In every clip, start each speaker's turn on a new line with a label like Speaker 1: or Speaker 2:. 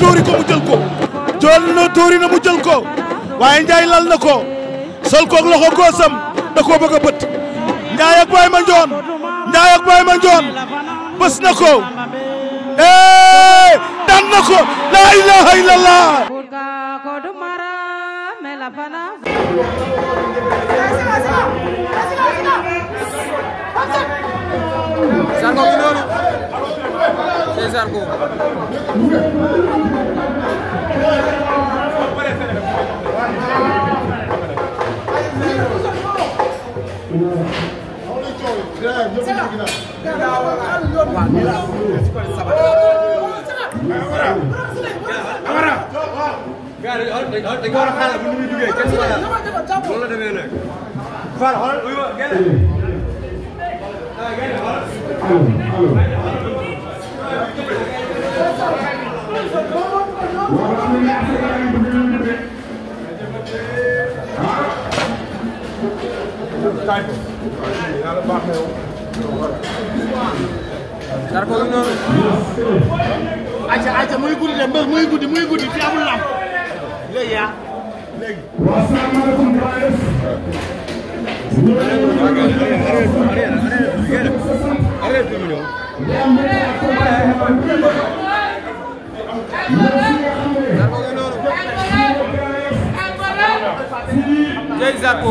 Speaker 1: tuuri ko mu jël ko jël na tuuri na mu jël ko waaye Ndiaye lal na ko sol koog loxo góosam da koo bëgg a bët Ndiaye ak Baye Mandione Ndiaye ak Baye Mandione bës na ko eh daan na ko la ilaha illallah
Speaker 2: Chez Zarco dañ ko
Speaker 1: war a xaaral bu ñu duggee kenn soxla loolu la demee nag Fall xool taay ko yàlla baax na yow dara ko noonu ayca ayca muy guddi de mbër muy guddi muy guddi fi amul lamb léegi yaa léegi wasalaamaaleykum Zarko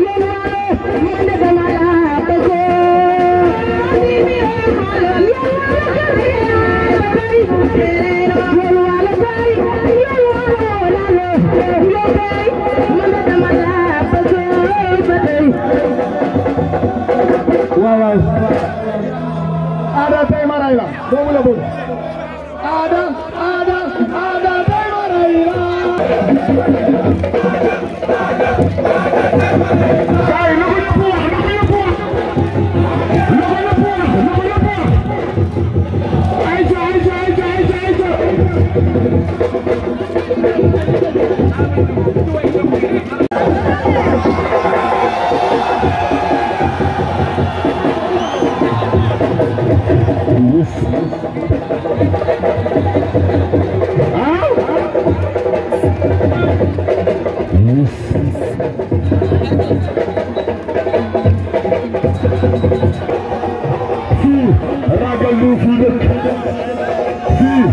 Speaker 1: ragalu fi dëkk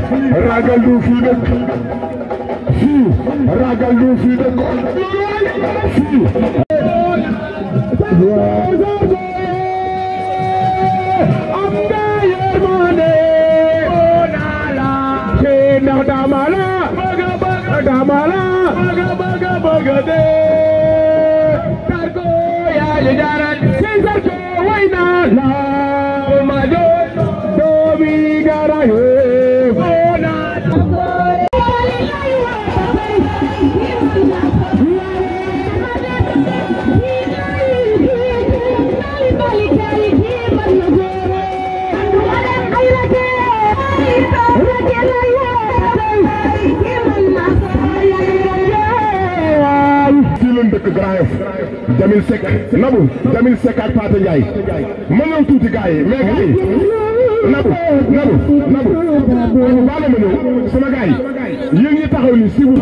Speaker 1: fii ragalu fi dëkk fii ragalu fi dëkk fii am nga yërmande naa la ke ndax dama la dama la bëgg ma doon doomi garaye Yoff Jamil Seck Nabou Jamil Seck ak Pathé Ndiaye ma ñëw tuuti gars yi mais gars yi Nabou Nabou Nabou ma ñëw sama gars yi yéen si wut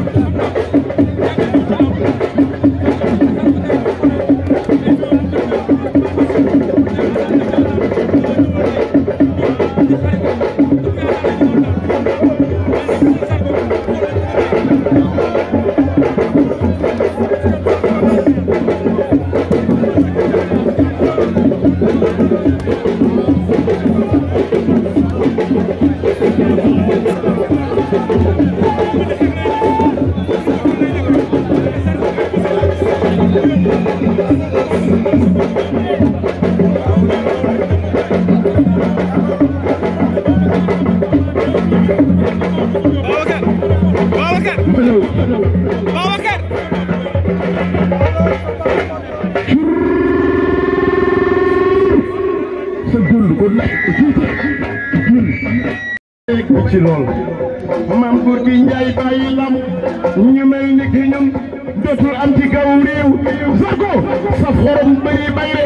Speaker 1: saf xorom bëri bayre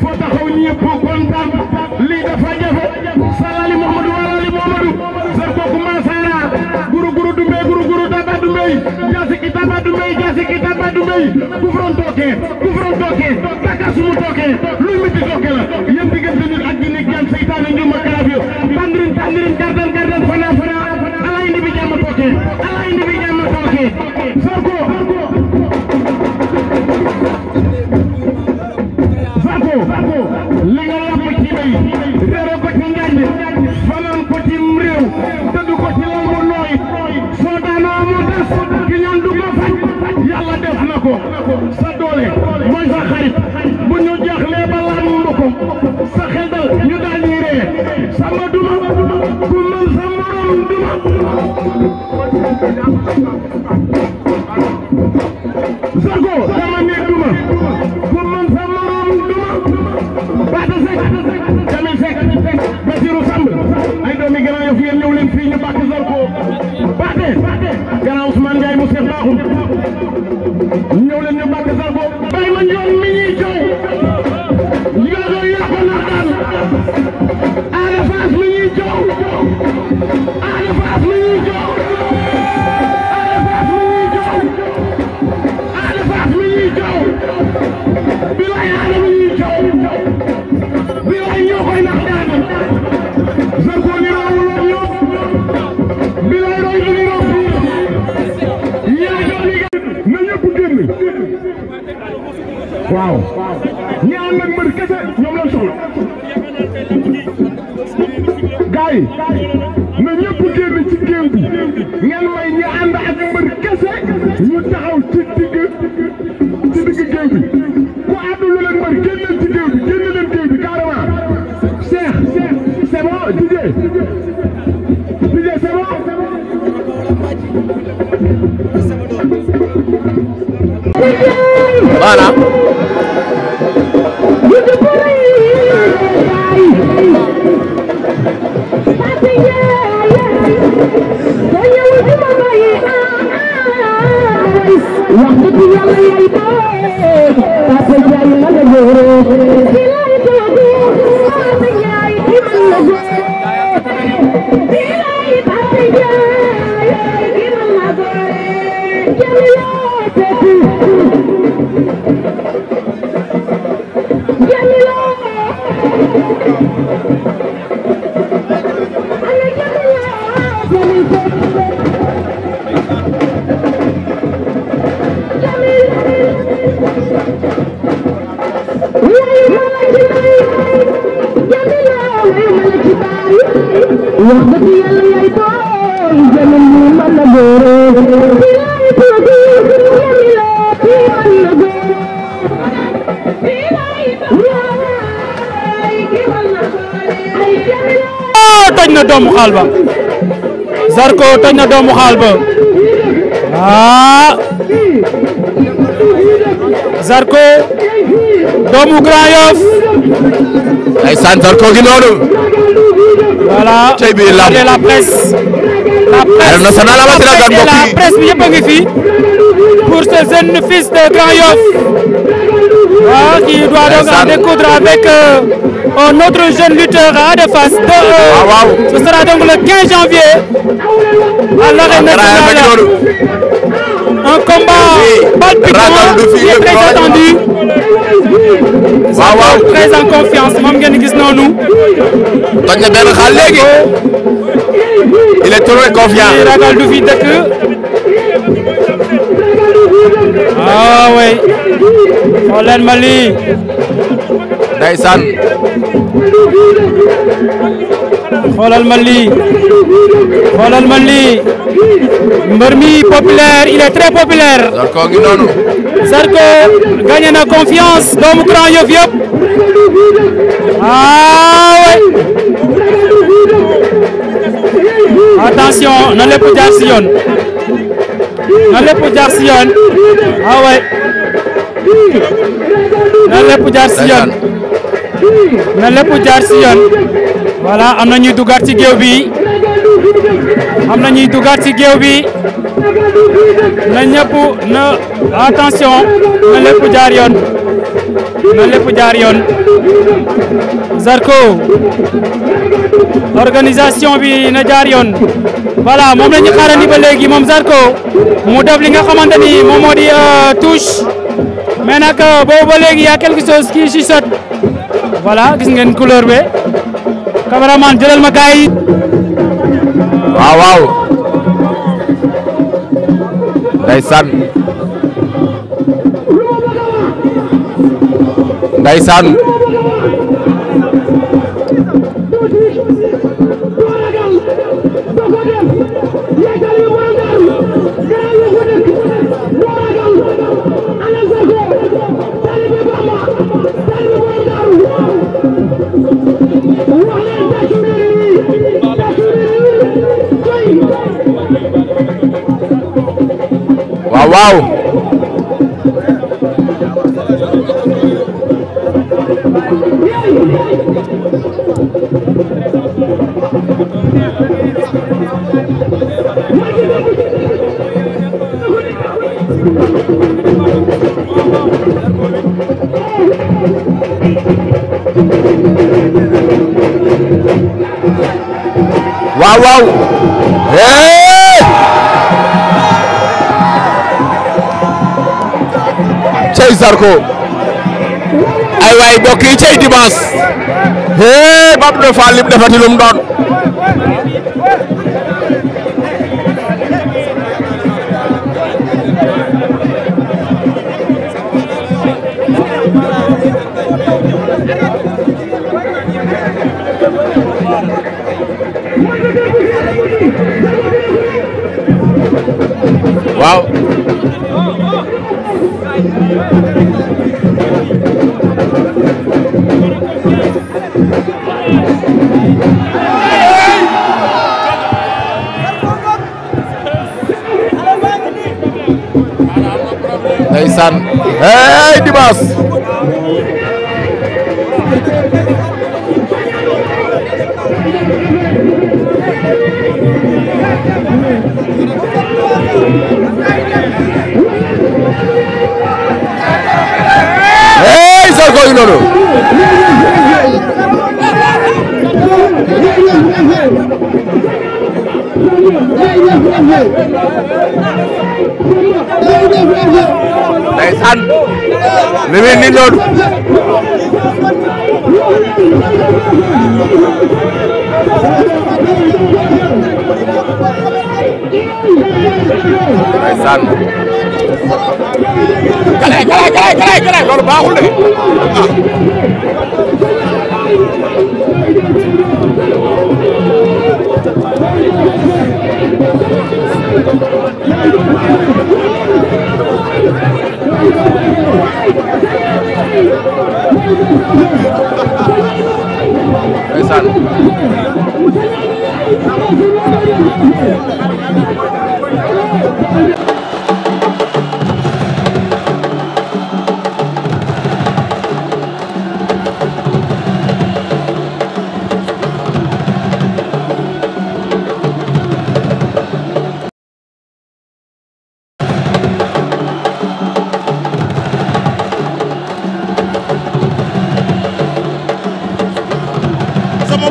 Speaker 1: foo taxaw ñëpp kontaan lii dafa jafe salali Muhammadu walali Muhammadu sar ko kumasara guru guru dumbe guru guru taba dumbe jaasi ki taba dumbe jaasi ki taba dumbe kufron tooke kufron tooke baka sumu tooke luy miti tooke la yéen diggante nit ak jinne jaan seytaane njuma kalaaf yo tandirin tandirin gardan gardan fana fana ala indi bi jàmm tooke ala indi bi jàmm tooke Zarko sama nekk duma bu man sa morom duma Bada Seck Jamil Seck Basirou Samb ay doomi Grand Yoff yéen ñëw leen fii ñu bàkk Zarko Bade Grand Ousmane Ndiaye mu Cheikh Bakhoum gaay na ñëpp génn ci géew bi ngeen may ñu ànd ak mbër kese ñu taxaw ci digg ci digg géew bi ku àndul leen mbër génn leen ci géew bi génn leen géew bi carrément Cheikh c'est bon Didier Didier c'est bon
Speaker 2: voilà wax dëgg yàlla
Speaker 3: na doomu xaal ba Zarko toj na doomu xaal ba ah Zarko doomu Grand Yoff. ay sant Zarko gi noonu. voilà tey bii lamb la presse. la presse national amatina gan mbokk yi la presse bi yëpp a ngi fi pour ce jeune fils de Grand Yoff. ah qui doit donc en découdre avec. Euh, oh, notre jeune lutteur à De, euh, ah, wow. le janvier à l'arène nationale. combat palpitant qui est très attendu. très en confiance moom ngeen gis noonu. toj na benn xaal il est trop confiant. kii ragal du fi dëkk. waaw ah, waay. xoolal ma lii. ndeysaan. xoolal ma lii xoolal ma lii mbër mi populaire il est très populaire. Zarko ngi noonu. Zarko gagné na confiance doomu Grand Yoff yëpp ah oui attention na lépp jaar si yoon na lépp jaar si yoon ah oui na lépp jaar si yoon. na lépp jaar si yoon voilà am na ñuy dugaat ci géew bi am na ñuy dugaat ci géew bi na ñëpp na attention na lépp jaar yoon na lépp jaar yoon Zarko organisation bi na jaar yoon voilà moom la ñu xaarandi ba léegi moom Zarko mu def li nga xamante ni moom moo di euh, touche mais nag boobu ba léegi y a quelque chose qui se voilà gis ngeen couleur be cameraman jëlal ma gaay waaw waaw ndeysaan ndeysaan
Speaker 1: waaw Zarko ay waay mbokk yi cay dimanche hee Pape Ndofane lim defati lum doon
Speaker 3: ndeysaan hey
Speaker 1: Dibaas hey ndeysaan li muy ni loolu ndeysaan